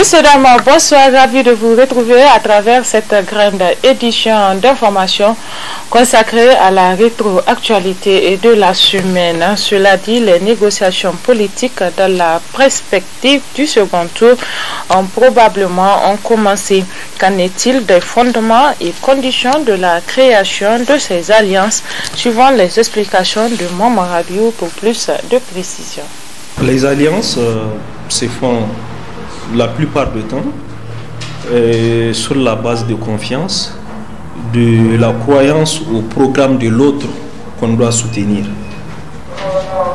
Monsieur Daman, bonsoir, ravi de vous retrouver à travers cette grande édition d'information consacrée à la rétroactualité et de la semaine. Cela dit, les négociations politiques dans la perspective du second tour ont probablement commencé. Qu'en est-il des fondements et conditions de la création de ces alliances suivant les explications de Radio pour plus de précision Les alliances euh, se font la plupart du temps euh, sur la base de confiance, de la croyance au programme de l'autre qu'on doit soutenir.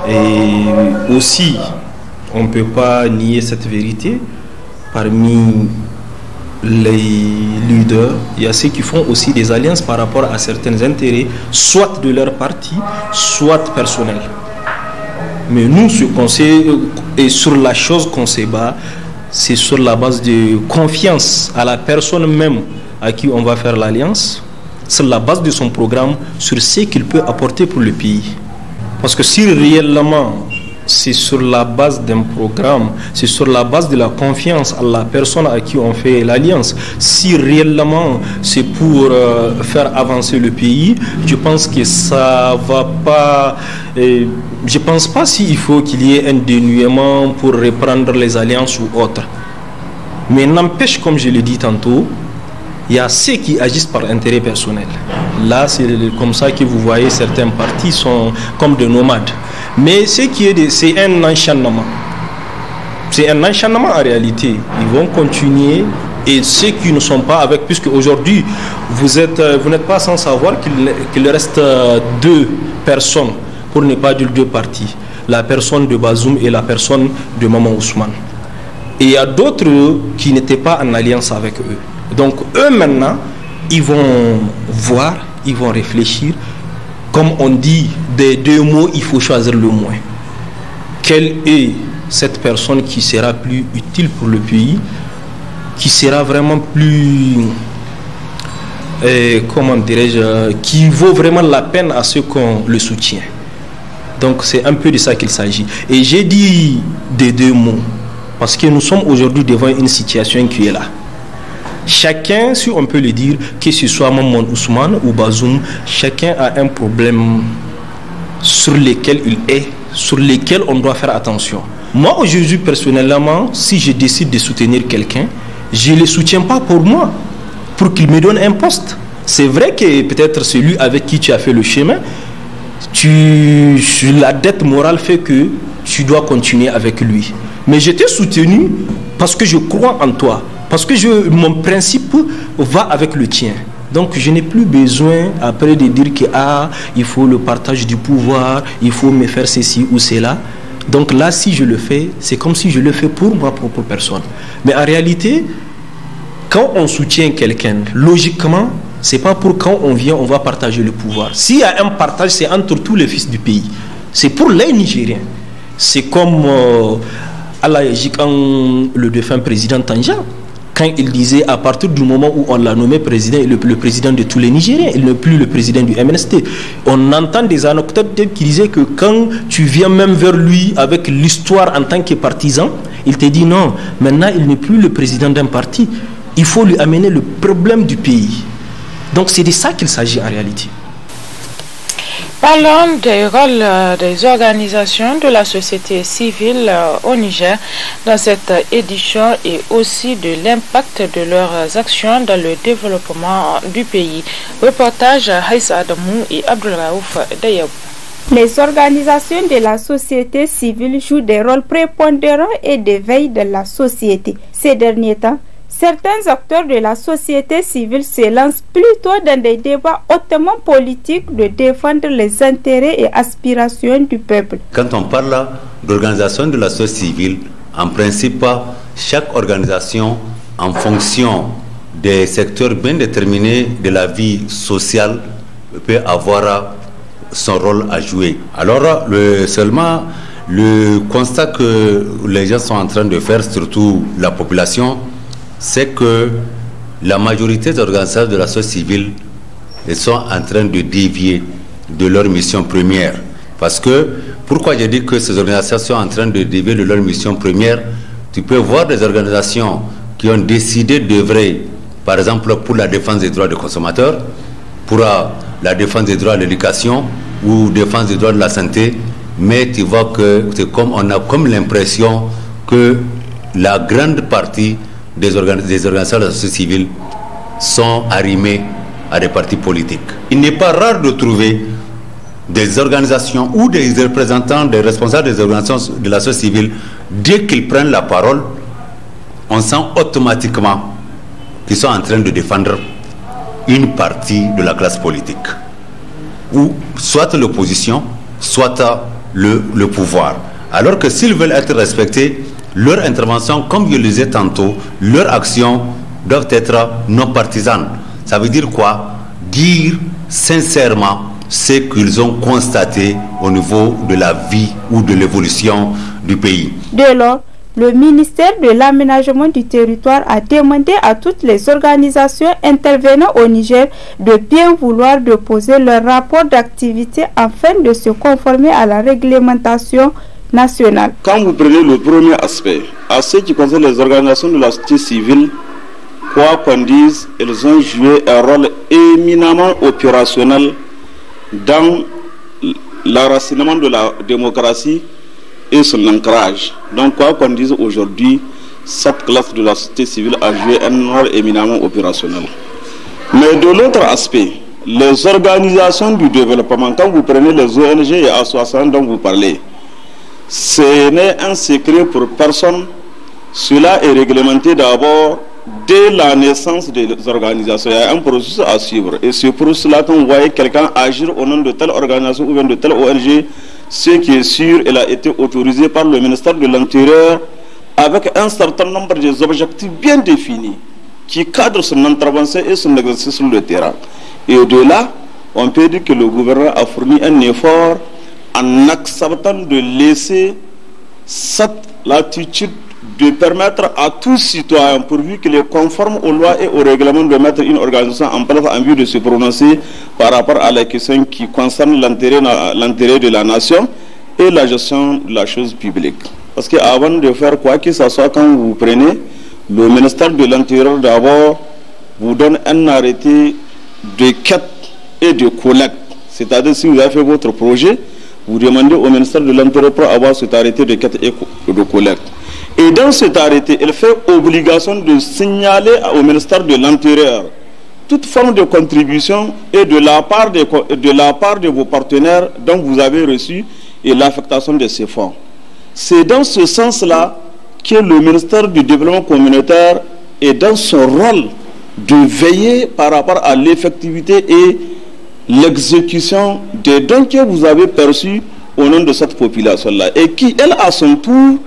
Et aussi, on ne peut pas nier cette vérité. Parmi les leaders, il y a ceux qui font aussi des alliances par rapport à certains intérêts, soit de leur parti, soit personnel Mais nous, ce conseil euh, et sur la chose qu'on se bat, c'est sur la base de confiance à la personne même à qui on va faire l'alliance, sur la base de son programme, sur ce qu'il peut apporter pour le pays. Parce que si réellement c'est sur la base d'un programme, c'est sur la base de la confiance à la personne à qui on fait l'alliance. Si réellement c'est pour euh, faire avancer le pays, je pense que ça va pas. je euh, je pense pas s'il faut qu'il y ait un dénuement pour reprendre les alliances ou autre. Mais n'empêche, comme je l'ai dit tantôt, il y a ceux qui agissent par intérêt personnel. Là, c'est comme ça que vous voyez certains partis sont comme des nomades. Mais ce qui est, c'est un enchaînement. C'est un enchaînement en réalité. Ils vont continuer et ceux qui ne sont pas avec, puisque aujourd'hui, vous êtes, euh, vous n'êtes pas sans savoir qu'il, qu'il reste euh, deux personnes, pour ne pas dire deux parties, la personne de Bazoum et la personne de Maman Ousmane. Et il y a d'autres qui n'étaient pas en alliance avec eux. Donc eux maintenant, ils vont voir, ils vont réfléchir, comme on dit, des deux mots, il faut choisir le moins. Quelle est cette personne qui sera plus utile pour le pays, qui sera vraiment plus... Euh, comment dirais-je Qui vaut vraiment la peine à ceux qu'on le soutient. Donc c'est un peu de ça qu'il s'agit. Et j'ai dit des deux mots, parce que nous sommes aujourd'hui devant une situation qui est là. Chacun, si on peut le dire, que ce soit monde Ousmane ou Bazoum, chacun a un problème sur lequel il est, sur lequel on doit faire attention. Moi, aujourd'hui, personnellement, si je décide de soutenir quelqu'un, je ne le soutiens pas pour moi, pour qu'il me donne un poste. C'est vrai que peut-être celui avec qui tu as fait le chemin, tu, la dette morale fait que tu dois continuer avec lui. Mais je t'ai soutenu parce que je crois en toi. Parce que je, mon principe va avec le tien. Donc je n'ai plus besoin après de dire que ah, il faut le partage du pouvoir, il faut me faire ceci ou cela. Donc là, si je le fais, c'est comme si je le fais pour ma propre personne. Mais en réalité, quand on soutient quelqu'un, logiquement, c'est pas pour quand on vient, on va partager le pouvoir. S'il y a un partage, c'est entre tous les fils du pays. C'est pour les Nigériens. C'est comme euh, le défunt président Tanja quand il disait à partir du moment où on l'a nommé président, le président de tous les Nigériens, il n'est plus le président du MNST. On entend des anecdotes qui disaient que quand tu viens même vers lui avec l'histoire en tant que partisan, il te dit non, maintenant il n'est plus le président d'un parti, il faut lui amener le problème du pays. Donc c'est de ça qu'il s'agit en réalité. Parlons des rôles euh, des organisations de la société civile euh, au Niger dans cette édition et aussi de l'impact de leurs actions dans le développement du pays. Reportage Haïs Adamou et Abdulraouf Dayabou. Les organisations de la société civile jouent des rôles prépondérants et de veille de la société. Ces derniers temps, certains acteurs de la société civile se lancent plutôt dans des débats hautement politiques de défendre les intérêts et aspirations du peuple. Quand on parle d'organisation de la société civile, en principe, chaque organisation, en fonction des secteurs bien déterminés de la vie sociale, peut avoir son rôle à jouer. Alors, le, seulement le constat que les gens sont en train de faire, surtout la population, c'est que la majorité des organisations de la société civile sont en train de dévier de leur mission première. Parce que, pourquoi je dis que ces organisations sont en train de dévier de leur mission première Tu peux voir des organisations qui ont décidé d'œuvrer, par exemple, pour la défense des droits des consommateurs, pour euh, la défense des droits à l'éducation ou défense des droits de la santé, mais tu vois que c'est comme on a comme l'impression que la grande partie des, organisations de la société civile sont arrimées à des partis politiques. Il n'est pas rare de trouver des organisations ou des représentants, des responsables des organisations de la société civile, dès qu'ils prennent la parole, on sent automatiquement qu'ils sont en train de défendre une partie de la classe politique, ou soit l'opposition, soit le pouvoir. Alors que s'ils veulent être respectés, leur intervention, comme je le disais tantôt, leur action doivent être non partisane Ça veut dire quoi Dire sincèrement ce qu'ils ont constaté au niveau de la vie ou de l'évolution du pays. Dès lors, le ministère de l'Aménagement du Territoire a demandé à toutes les organisations intervenant au Niger de bien vouloir déposer leur rapport d'activité afin de se conformer à la réglementation quand vous prenez le premier aspect, à ce qui concerne les organisations de la société civile, quoi qu'on dise, elles ont joué un rôle éminemment opérationnel dans l'enracinement de la démocratie et son ancrage. Donc quoi qu'on dise aujourd'hui, cette classe de la société civile a joué un rôle éminemment opérationnel. Mais de l'autre aspect, les organisations du développement, quand vous prenez les ONG et A60 dont vous parlez, ce n'est un secret pour personne. Cela est réglementé d'abord dès la naissance des organisations. Il y a un processus à suivre. Et c'est pour cela qu'on voit quelqu'un agir au nom de telle organisation ou bien de telle ONG. Ce qui est sûr, elle a été autorisée par le ministère de l'Intérieur avec un certain nombre d'objectifs bien définis qui cadrent son intervention et son exercice sur le terrain. Et au-delà, on peut dire que le gouvernement a fourni un effort en acceptant de laisser cette latitude de permettre à tout citoyen, pourvu qu'il est conforme aux lois et aux règlements, de mettre une organisation en place en vue de se prononcer par rapport à la question qui concerne l'intérêt de la nation et la gestion de la chose publique. Parce qu'avant de faire quoi que ce soit, quand vous prenez, le ministère de l'Intérieur d'abord vous donne un arrêté de quête et de collecte. C'est-à-dire si vous avez fait votre projet, vous demandez au ministère de l'Intérieur pour avoir cet arrêté de quête et de collecte. Et dans cet arrêté, elle fait obligation de signaler au ministère de l'Intérieur toute forme de contribution et de la part de, de, la part de vos partenaires dont vous avez reçu et l'affectation de ces fonds. C'est dans ce sens-là que le ministère du Développement communautaire est dans son rôle de veiller par rapport à l'effectivité et l'exécution des dons que vous avez perçus au nom de cette population-là. Et qui, elle, à son tour,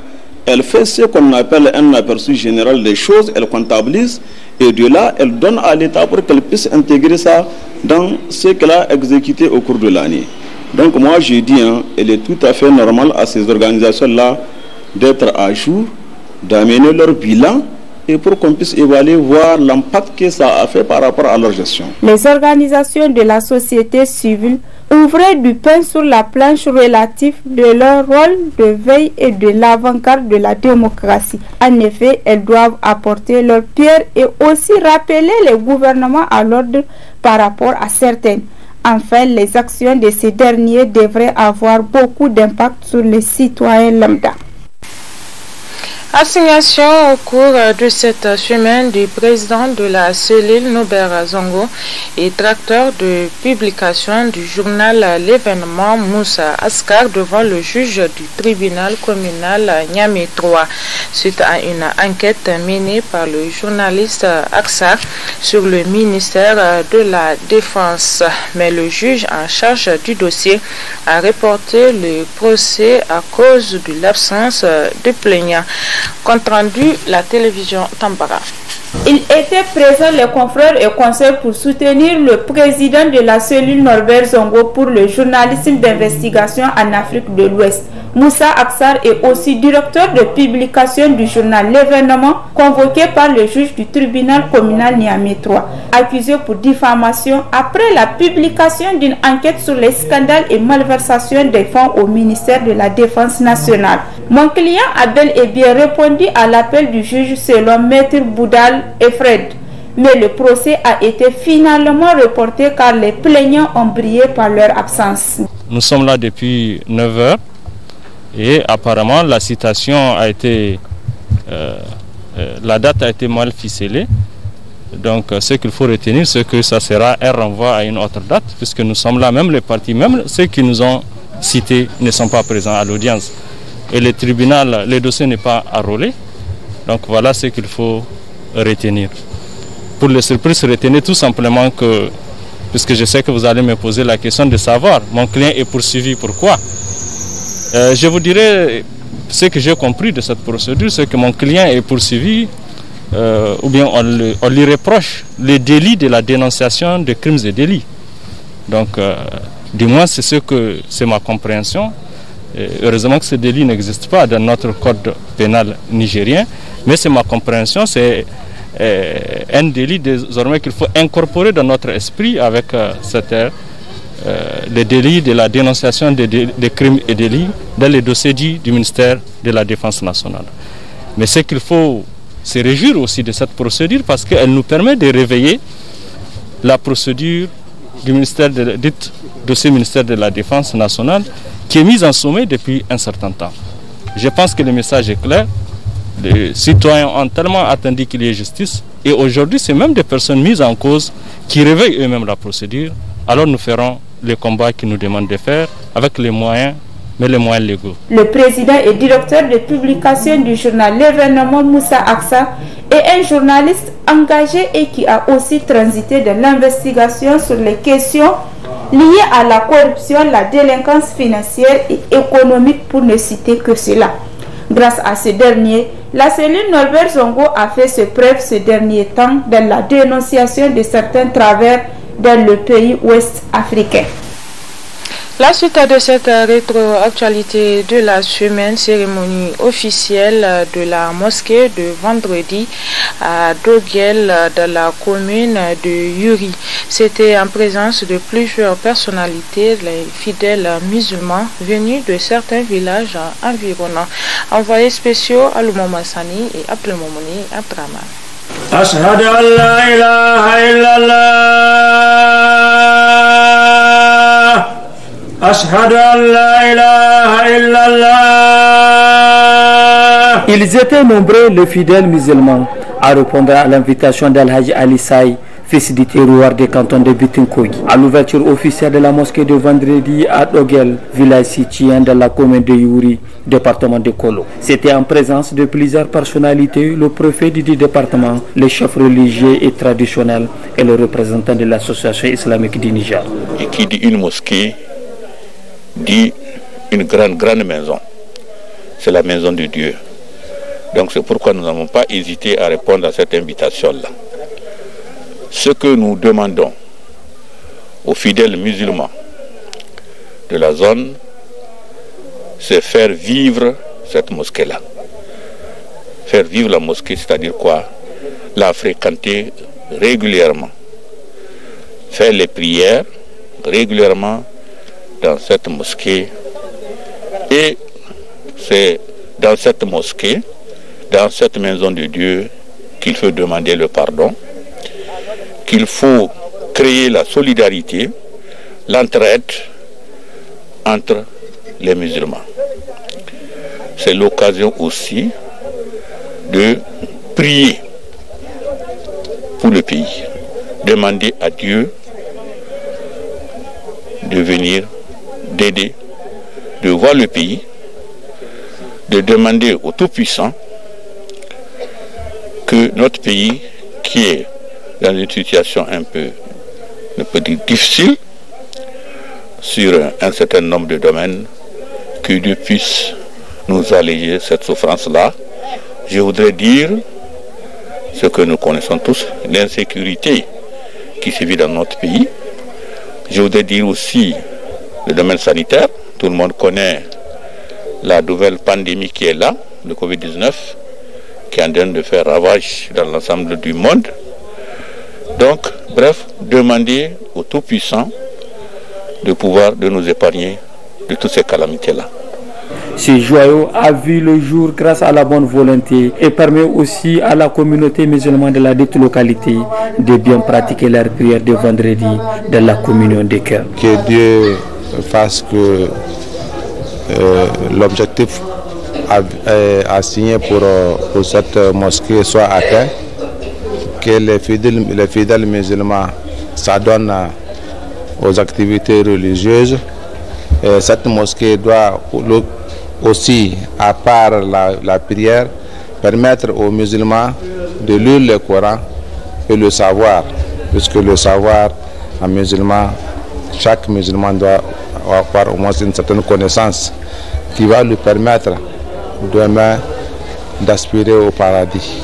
elle fait ce qu'on appelle un aperçu général des choses, elle comptabilise, et de là, elle donne à l'État pour qu'elle puisse intégrer ça dans ce qu'elle a exécuté au cours de l'année. Donc moi, je dis, hein, il est tout à fait normal à ces organisations-là d'être à jour, d'amener leur bilan, et pour qu'on puisse évaluer, voir l'impact que ça a fait par rapport à leur gestion. Les organisations de la société civile ouvraient du pain sur la planche relative de leur rôle de veille et de l'avant-garde de la démocratie. En effet, elles doivent apporter leur pierre et aussi rappeler les gouvernements à l'ordre par rapport à certaines. Enfin, les actions de ces derniers devraient avoir beaucoup d'impact sur les citoyens lambda. Assignation au cours euh, de cette euh, semaine du président de la cellule Nobert Zongo et tracteur de publication du journal euh, L'événement Moussa Askar devant le juge du tribunal communal Niamey 3 suite à une enquête menée par le journaliste Aksar sur le ministère de la Défense. Mais le juge en charge du dossier a reporté le procès à cause de l'absence de plaignant. Compte rendu, la télévision Tambara. Il était présent les confrères et conseils pour soutenir le président de la cellule Norbert Zongo pour le journalisme d'investigation en Afrique de l'Ouest. Moussa Aksar est aussi directeur de publication du journal L'événement, convoqué par le juge du tribunal communal Niamey 3, accusé pour diffamation après la publication d'une enquête sur les scandales et malversations des fonds au ministère de la Défense nationale. Mon client a bel et bien répondu à l'appel du juge selon Maître Boudal et Fred mais le procès a été finalement reporté car les plaignants ont brillé par leur absence. Nous sommes là depuis 9 heures. Et apparemment, la citation a été. Euh, euh, la date a été mal ficelée. Donc, euh, ce qu'il faut retenir, c'est que ça sera un renvoi à une autre date, puisque nous sommes là, même les partis, même ceux qui nous ont cités ne sont pas présents à l'audience. Et le tribunal, le dossier n'est pas arrôlé. Donc, voilà ce qu'il faut retenir. Pour les surprises, retenez tout simplement que, puisque je sais que vous allez me poser la question de savoir, mon client est poursuivi, pourquoi euh, je vous dirais ce que j'ai compris de cette procédure, c'est que mon client est poursuivi, euh, ou bien on, lui reproche le délit de la dénonciation de crimes et délits. Donc, euh, du moins, c'est ce que c'est ma compréhension. heureusement que ce délit n'existe pas dans notre code pénal nigérien, mais c'est ma compréhension, c'est un délit désormais qu'il faut incorporer dans notre esprit avec cette les euh, délits de la dénonciation des, crimes et délits dans les dossiers dits du ministère de la Défense nationale. Mais ce qu'il faut se réjouir aussi de cette procédure parce qu'elle nous permet de réveiller la procédure du ministère de, dite de ce ministère de la Défense nationale qui est mise en sommet depuis un certain temps. Je pense que le message est clair. Les citoyens ont tellement attendu qu'il y ait justice et aujourd'hui c'est même des personnes mises en cause qui réveillent eux-mêmes la procédure. Alors nous ferons les combats qu'ils nous demandent de faire avec les moyens mais les moyens légaux. Le président et directeur de publication du journal L'événement Moussa Aksa est un journaliste engagé et qui a aussi transité de l'investigation sur les questions liées à la corruption, la délinquance financière et économique pour ne citer que cela. Grâce à ce dernier, la cellule Norbert Zongo a fait ses preuves ce dernier temps dans la dénonciation de certains travers dans le pays ouest africain. La suite de cette rétroactualité de la semaine, cérémonie officielle de la mosquée de vendredi à Doguel dans la commune de Yuri. C'était en présence de plusieurs personnalités, les fidèles musulmans venus de certains villages environnants. Envoyés spéciaux à Massani et à Abdraman. Ils étaient nombreux les fidèles musulmans à répondre à l'invitation d'Al-Hajj Al-Issaï félicité des cantons de Bitinkogi. À l'ouverture officielle de la mosquée de vendredi à Dogel, village situé dans la commune de Yuri, département de Kolo. C'était en présence de plusieurs personnalités, le préfet du département, les chefs religieux et traditionnels et le représentant de l'association islamique du Niger. Et qui dit une mosquée dit une grande, grande maison. C'est la maison de Dieu. Donc c'est pourquoi nous n'avons pas hésité à répondre à cette invitation-là. Ce que nous demandons aux fidèles musulmans de la zone, c'est faire vivre cette mosquée-là. Faire vivre la mosquée, c'est-à-dire quoi La fréquenter régulièrement. Faire les prières régulièrement dans cette mosquée. Et c'est dans cette mosquée, dans cette maison de Dieu, qu'il faut demander le pardon qu'il faut créer la solidarité, l'entraide entre les musulmans. C'est l'occasion aussi de prier pour le pays, demander à Dieu de venir, d'aider, de voir le pays, de demander au Tout-Puissant que notre pays, qui est dans une situation un peu, difficile, sur un certain nombre de domaines, que Dieu puisse nous alléger cette souffrance-là. Je voudrais dire ce que nous connaissons tous, l'insécurité qui se vit dans notre pays. Je voudrais dire aussi le domaine sanitaire. Tout le monde connaît la nouvelle pandémie qui est là, le Covid-19, qui est en train de faire ravage dans l'ensemble du monde. Donc, bref, demander au Tout-Puissant de pouvoir de nous épargner de toutes ces calamités-là. Ce joyau a vu le jour grâce à la bonne volonté et permet aussi à la communauté musulmane de la dite localité de bien pratiquer leur prière de vendredi dans la communion des cœurs. Que Dieu fasse que euh, l'objectif assigné pour euh, cette euh, mosquée soit atteint que les fidèles, musulmans s'adonnent aux activités religieuses. cette mosquée doit aussi, à part la, prière, permettre aux musulmans de lire le Coran et le savoir, puisque le savoir un musulman, chaque musulman doit avoir au moins une certaine connaissance qui va lui permettre demain d'aspirer au paradis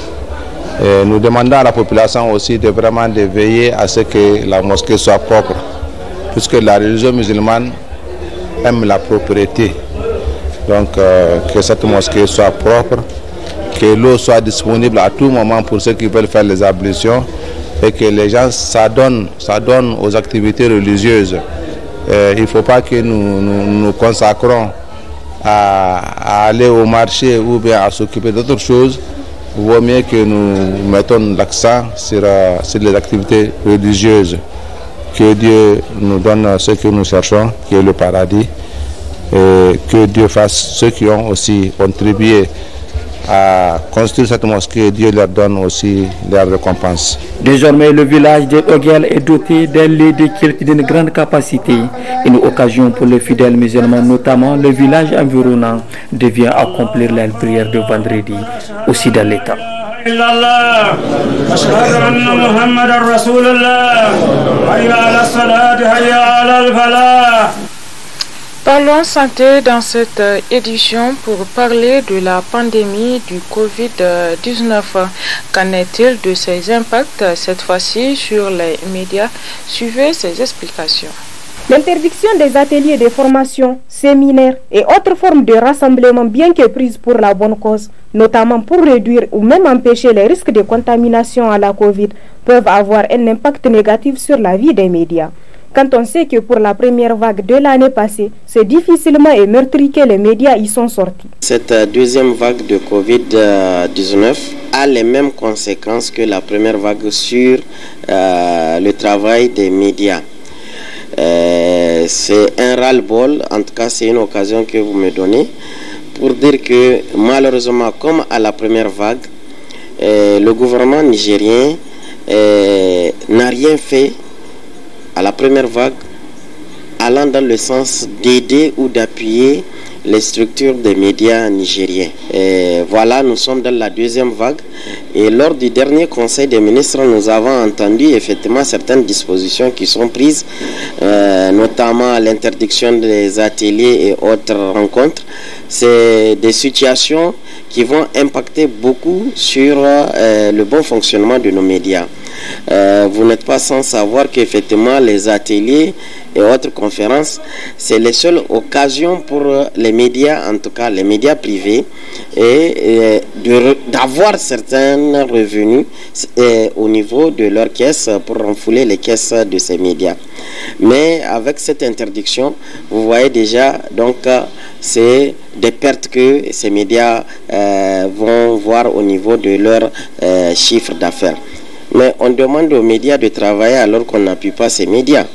nous demandons à la population aussi de vraiment veiller à ce que la mosquée soit propre, puisque la religion musulmane aime la propriété. Donc euh, que cette mosquée soit propre, que l'eau soit disponible à tout moment pour ceux qui veulent faire les ablutions et que les gens s'adonnent, aux activités religieuses. il ne faut pas que nous nous, consacrons à aller au marché ou bien à s'occuper d'autres choses il vaut mieux que nous mettons l'accent euh, sur, les activités religieuses. Que Dieu nous donne ce que nous cherchons, qui est le paradis. Et que Dieu fasse ceux qui ont aussi contribué à construire cette mosquée. Dieu leur donne aussi leur récompense. Désormais, le village de est doté d'un lieu de culte d'une grande capacité. Une occasion pour les fidèles musulmans, notamment le village environnant, devient accomplir la prière de vendredi, aussi dans l'État. Parlons santé dans cette euh, édition pour parler de la pandémie du Covid-19. Qu'en est-il de ses impacts euh, cette fois-ci sur les médias Suivez ces explications. L'interdiction des ateliers de formation, séminaires et autres formes de rassemblement bien que prises pour la bonne cause, notamment pour réduire ou même empêcher les risques de contamination à la Covid, peuvent avoir un impact négatif sur la vie des médias. Quand on sait que pour la première vague de l'année passée, c'est difficilement et que les médias y sont sortis. Cette euh, deuxième vague de Covid-19 euh, a les mêmes conséquences que la première vague sur euh, le travail des médias. c'est un ras-le-bol, en tout cas c'est une occasion que vous me donnez pour dire que malheureusement, comme à la première vague, le gouvernement nigérien n'a rien fait à la première vague allant dans le sens d'aider ou d'appuyer les structures des médias nigériens. voilà, nous sommes dans la deuxième vague et lors du dernier Conseil des ministres, nous avons entendu effectivement certaines dispositions qui sont prises, euh, notamment l'interdiction des ateliers et autres rencontres. C'est des situations qui vont impacter beaucoup sur euh, le bon fonctionnement de nos médias. Euh, vous n'êtes pas sans savoir qu'effectivement les ateliers et autres conférences, c'est la seule occasion pour euh, les médias, en tout cas les médias privés, et, euh, d'avoir certains revenus au niveau de leurs caisses pour renfouler les caisses de ces médias. Mais avec cette interdiction, vous voyez déjà, donc, c'est des pertes que ces médias vont voir au niveau de leur chiffres chiffre d'affaires. Mais on demande aux médias de travailler alors qu'on n'appuie pas ces médias.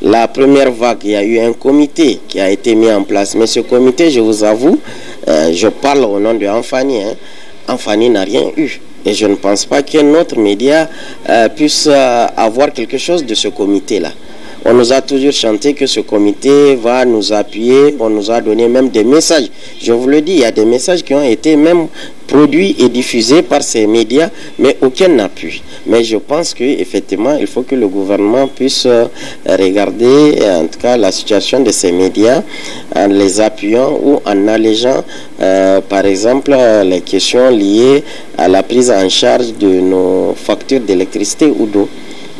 La première vague, il y a eu un comité qui a été mis en place. Mais ce comité, je vous avoue, euh, je parle au nom de Anfani. Hein. Anfani n'a rien eu. Et je ne pense pas qu'un autre média euh, puisse euh, avoir quelque chose de ce comité-là. On nous a toujours chanté que ce comité va nous appuyer, on nous a donné même des messages. Je vous le dis, il y a des messages qui ont été même produits et diffusés par ces médias, mais aucun n'a pu. Mais je pense qu'effectivement, il faut que le gouvernement puisse euh, regarder euh, en tout cas la situation de ces médias en les appuyant ou en allégeant, euh, par exemple, les questions liées à la prise en charge de nos factures d'électricité ou d'eau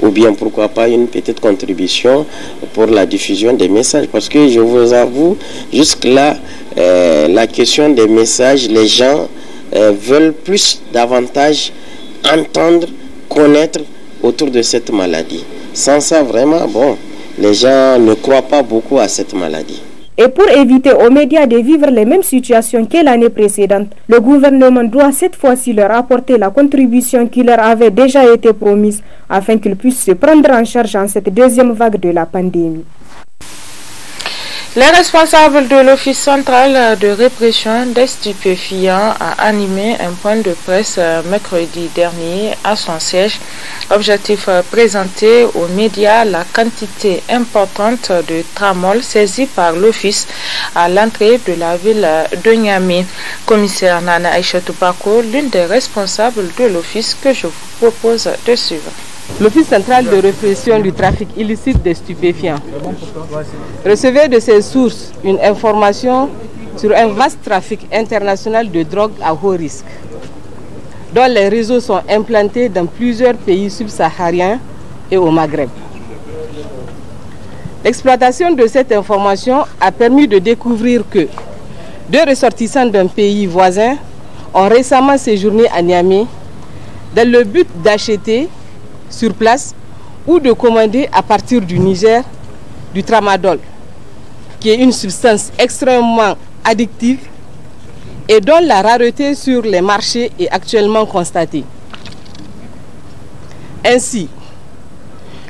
ou bien pourquoi pas une petite contribution pour la diffusion des messages. Parce que je vous avoue, jusque-là, euh, la question des messages, les gens euh, veulent plus davantage entendre, connaître autour de cette maladie. Sans ça, vraiment, bon, les gens ne croient pas beaucoup à cette maladie et pour éviter aux médias de vivre les mêmes situations que l'année précédente. Le gouvernement doit cette fois-ci leur apporter la contribution qui leur avait déjà été promise afin qu'ils puissent se prendre en charge en cette deuxième vague de la pandémie. Les responsables de l'Office central de répression des stupéfiants a animé un point de presse euh, mercredi dernier à son siège. Objectif euh, présenter aux médias la quantité importante de tramol saisie par l'Office à l'entrée de la ville de Niamey. Commissaire Nana Aïchatou l'une des responsables de l'Office que je vous propose de suivre l'Office central de répression du trafic illicite des stupéfiants recevait de ses sources une information sur un vaste trafic international de drogue à haut risque, dont les réseaux sont implantés dans plusieurs pays subsahariens et au Maghreb. L'exploitation de cette information a permis de découvrir que deux ressortissants d'un pays voisin ont récemment séjourné à Niamey dans le but d'acheter sur place ou de commander à partir du Niger du tramadol, qui est une substance extrêmement addictive et dont la rareté sur les marchés est actuellement constatée. Ainsi,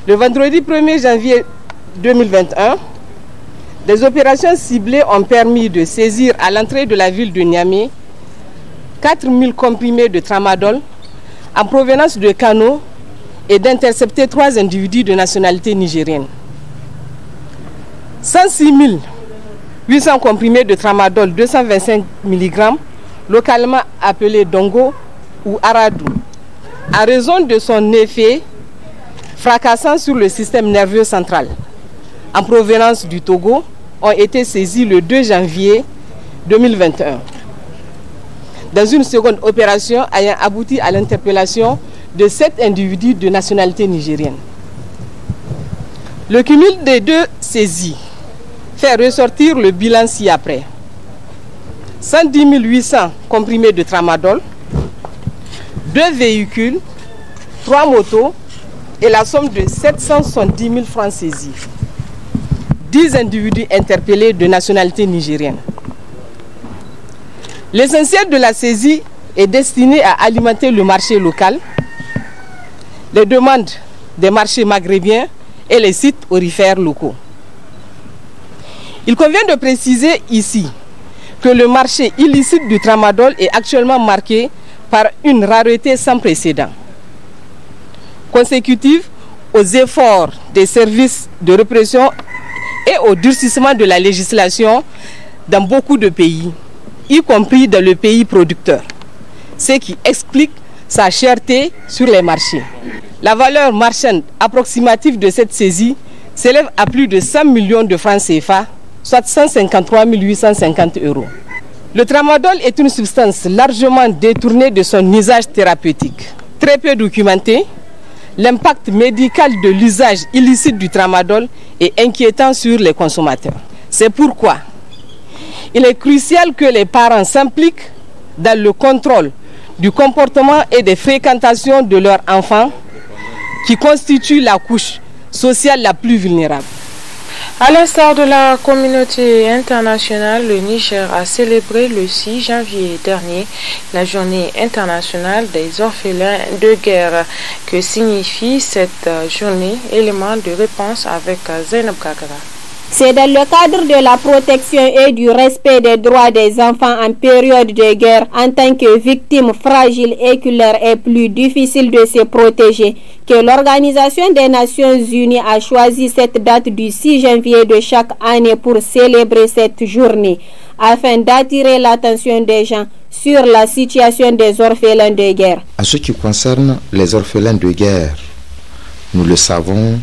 le vendredi 1er janvier 2021, des opérations ciblées ont permis de saisir à l'entrée de la ville de Niamey 4000 comprimés de tramadol en provenance de canaux et d'intercepter trois individus de nationalité nigérienne. 106 800 comprimés de tramadol 225 mg, localement appelé dongo ou aradou, à raison de son effet fracassant sur le système nerveux central, en provenance du Togo, ont été saisis le 2 janvier 2021. Dans une seconde opération ayant abouti à l'interpellation de sept individus de nationalité nigérienne. Le cumul des deux saisies fait ressortir le bilan ci-après. 110 800 comprimés de tramadol, deux véhicules, trois motos et la somme de 770 000 francs saisis. 10 individus interpellés de nationalité nigérienne. L'essentiel de la saisie est destiné à alimenter le marché local les demandes des marchés maghrébiens et les sites orifères locaux. Il convient de préciser ici que le marché illicite du tramadol est actuellement marqué par une rareté sans précédent, consécutive aux efforts des services de répression et au durcissement de la législation dans beaucoup de pays, y compris dans le pays producteur, ce qui explique sa cherté sur les marchés. La valeur marchande approximative de cette saisie s'élève à plus de 100 millions de francs CFA, soit 153 850 euros. Le tramadol est une substance largement détournée de son usage thérapeutique. Très peu documenté, l'impact médical de l'usage illicite du tramadol est inquiétant sur les consommateurs. C'est pourquoi il est crucial que les parents s'impliquent dans le contrôle du comportement et des fréquentations de leurs enfants qui constituent la couche sociale la plus vulnérable. À l'instar de la communauté internationale, le Niger a célébré le 6 janvier dernier la journée internationale des orphelins de guerre. Que signifie cette journée Élément de réponse avec Zainab Gagara. C'est dans le cadre de la protection et du respect des droits des enfants en période de guerre en tant que victime fragile et que leur est plus difficile de se protéger que l'Organisation des Nations Unies a choisi cette date du 6 janvier de chaque année pour célébrer cette journée afin d'attirer l'attention des gens sur la situation des orphelins de guerre. En ce qui concerne les orphelins de guerre, nous le savons,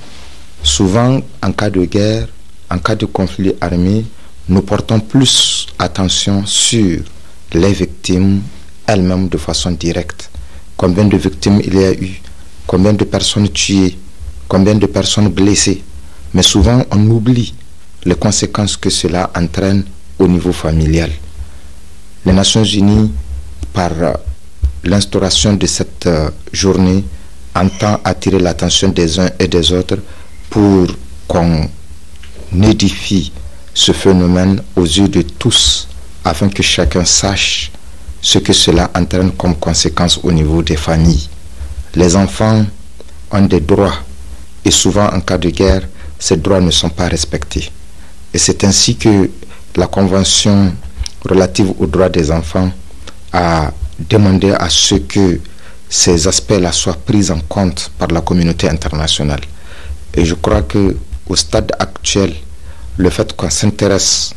souvent en cas de guerre, en cas de conflit armé, nous portons plus attention sur les victimes elles-mêmes de façon directe. Combien de victimes il y a eu Combien de personnes tuées Combien de personnes blessées Mais souvent, on oublie les conséquences que cela entraîne au niveau familial. Les Nations Unies, par l'instauration de cette euh, journée, entend attirer l'attention des uns et des autres pour qu'on n'édifie ce phénomène aux yeux de tous afin que chacun sache ce que cela entraîne comme conséquence au niveau des familles. Les enfants ont des droits et souvent en cas de guerre, ces droits ne sont pas respectés. Et c'est ainsi que la Convention relative aux droits des enfants a demandé à ce que ces aspects-là soient pris en compte par la communauté internationale. Et je crois que au stade actuel, le fait qu'on s'intéresse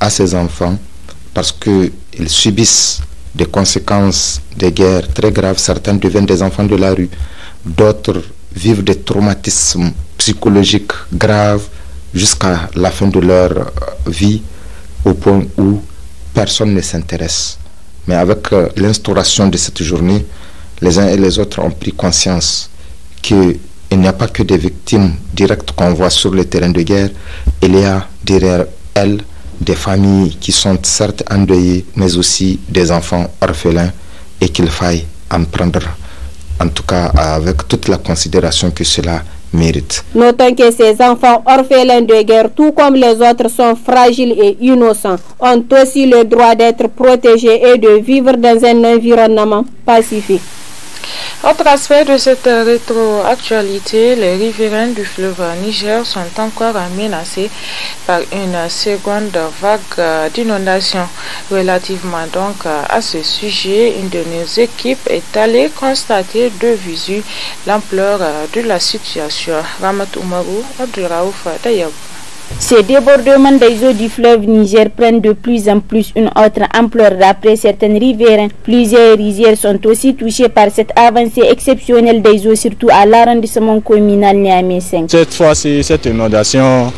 à ces enfants parce qu'ils subissent des conséquences des guerres très graves. Certains deviennent des enfants de la rue, d'autres vivent des traumatismes psychologiques graves jusqu'à la fin de leur euh, vie, au point où personne ne s'intéresse. Mais avec euh, l'instauration de cette journée, les uns et les autres ont pris conscience que il n'y a pas que des victimes directes qu'on voit sur le terrain de guerre, il y a derrière elles des familles qui sont certes endeuillées, mais aussi des enfants orphelins et qu'il faille en prendre, en tout cas avec toute la considération que cela mérite. Notons que ces enfants orphelins de guerre, tout comme les autres, sont fragiles et innocents, ont aussi le droit d'être protégés et de vivre dans un environnement pacifique. Autre aspect de cette rétroactualité, les riverains du fleuve Niger sont encore menacés par une seconde vague d'inondations. Relativement donc à ce sujet, une de nos équipes est allée constater de visu l'ampleur de la situation. Ramat Oumarou, ces débordements des eaux du fleuve Niger prennent de plus en plus une autre ampleur d'après certaines rivières. Plusieurs rizières sont aussi touchées par cette avancée exceptionnelle des eaux, surtout à l'arrondissement communal Niamey 5. Cette fois-ci, cette inondation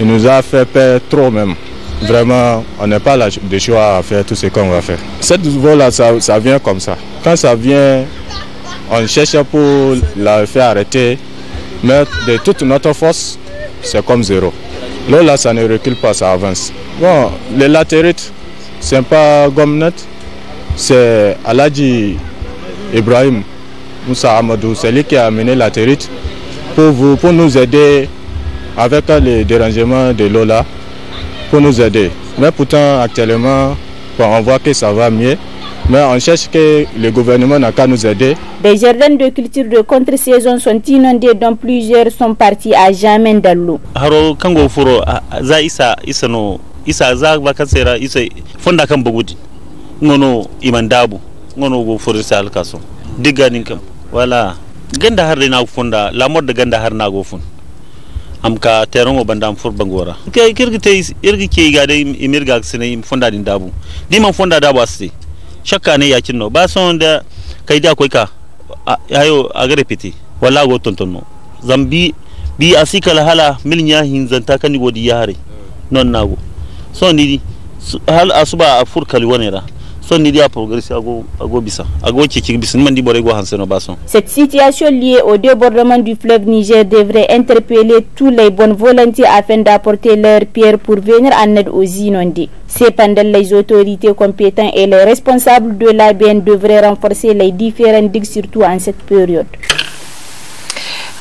nous a fait peur trop même. Vraiment, on n'a pas de choix à faire tout ce qu'on va faire. Cette voie-là, ça, ça vient comme ça. Quand ça vient, on cherche pour la faire arrêter, mais de toute notre force, c'est comme zéro. Lola, là, ça ne recule pas, ça avance. Bon, les latérites, c'est pas net. c'est Aladji Ibrahim Moussa Amadou, c'est lui qui a amené latérite pour, pour nous aider avec les dérangements de Lola, pour nous aider. Mais pourtant, actuellement, on voit que ça va mieux. Mais on cherche que le gouvernement n'a qu'à nous aider. Des jardins de culture de contre-saison sont inondés dont plusieurs sont partis à jamais dans l'eau. isa za ba kan tsira isa fonda kan bugudi ngono iman dabu ngono go fori sal kaso diga nin kam wala ganda har na fonda la mod da ganda har na go fun am ka teron bandam fur bangora ke kirgite irgi ke ga dai imirga sine fonda din dabu di man fonda dabu asti shakka ne yakin no ba son da kai da koi ka ayo a gare fiti wala go tonton zambi bi asika hala mil nya hin zanta kan godi yare non nago son ni hal asuba a furkali ra. Cette situation liée au débordement du fleuve Niger devrait interpeller tous les bonnes volontés afin d'apporter leur pierre pour venir en aide aux inondés. Cependant, les autorités compétentes et les responsables de l'ABN devraient renforcer les différents digues, surtout en cette période.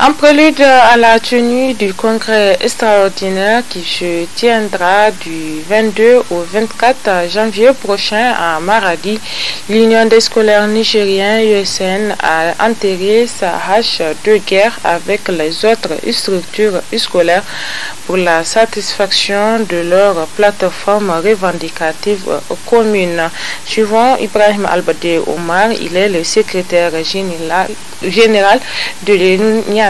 En prélude à la tenue du congrès extraordinaire qui se tiendra du 22 au 24 janvier prochain à Maradi, l'Union des scolaires nigériens USN a enterré sa hache de guerre avec les autres structures scolaires pour la satisfaction de leur plateforme revendicative commune. Suivant Ibrahim Albade Omar, il est le secrétaire général de l'Union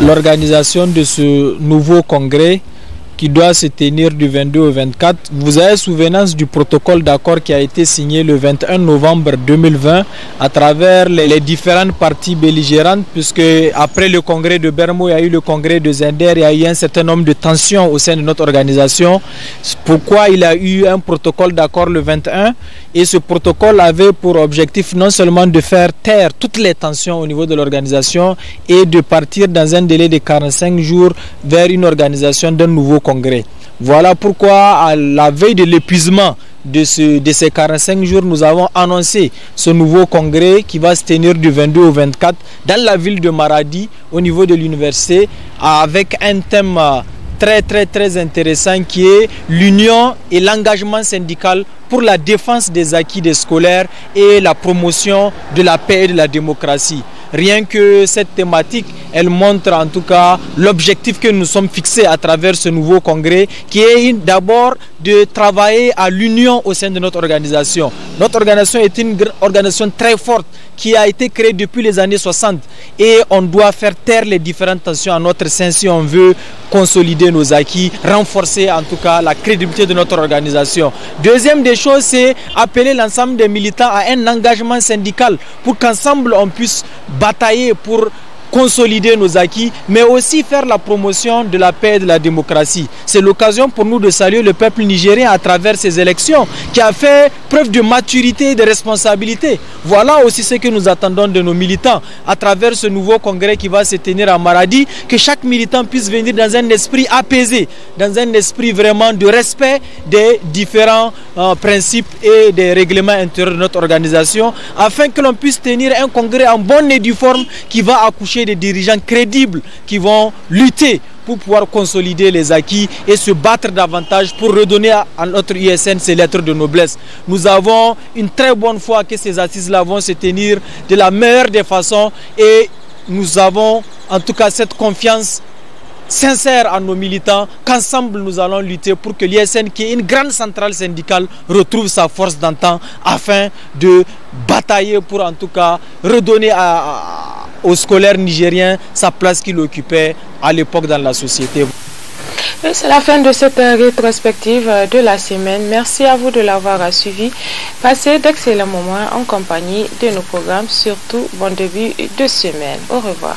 L'organisation de ce nouveau congrès qui doit se tenir du 22 au 24. Vous avez souvenance du protocole d'accord qui a été signé le 21 novembre 2020 à travers les, différentes parties belligérantes, puisque après le congrès de Bermo, il y a eu le congrès de Zender, il y a eu un certain nombre de tensions au sein de notre organisation. Pourquoi il y a eu un protocole d'accord le 21 Et ce protocole avait pour objectif non seulement de faire taire toutes les tensions au niveau de l'organisation et de partir dans un délai de 45 jours vers une organisation d'un nouveau voilà pourquoi, à la veille de l'épuisement de, de, ces 45 jours, nous avons annoncé ce nouveau congrès qui va se tenir du 22 au 24 dans la ville de Maradi, au niveau de l'université, avec un thème euh, très très très intéressant qui est l'union et l'engagement syndical pour la défense des acquis des scolaires et la promotion de la paix et de la démocratie. Rien que cette thématique, elle montre en tout cas l'objectif que nous sommes fixés à travers ce nouveau congrès, qui est d'abord de travailler à l'union au sein de notre organisation. Notre organisation est une organisation très forte qui a été créée depuis les années 60 et on doit faire taire les différentes tensions à notre sein si on veut consolider nos acquis, renforcer en tout cas la crédibilité de notre organisation. Deuxième des chose c'est appeler l'ensemble des militants à un engagement syndical pour qu'ensemble on puisse batailler pour consolider nos acquis, mais aussi faire la promotion de la paix et de la démocratie. C'est l'occasion pour nous de saluer le peuple nigérien à travers ces élections, qui a fait preuve de maturité et de responsabilité. Voilà aussi ce que nous attendons de nos militants, à travers ce nouveau congrès qui va se tenir à Maradi, que chaque militant puisse venir dans un esprit apaisé, dans un esprit vraiment de respect des différents euh, principes et des règlements intérieurs de notre organisation, afin que l'on puisse tenir un congrès en bonne et due forme qui va accoucher des dirigeants crédibles qui vont lutter pour pouvoir consolider les acquis et se battre davantage pour redonner à notre ISN ses lettres de noblesse. Nous avons une très bonne foi que ces assises-là vont se tenir de la meilleure des façons et nous avons en tout cas cette confiance sincère à nos militants qu'ensemble nous allons lutter pour que l'ISN, qui est une grande centrale syndicale, retrouve sa force d'antan afin de batailler pour en tout cas redonner à, aux scolaires nigériens sa place qu'il occupait à l'époque dans la société. Euh, c'est la fin de cette euh, rétrospective euh, de la semaine. Merci à vous de l'avoir suivi. Passez d'excellents moments en compagnie de nos programmes, surtout bon début de semaine. Au revoir.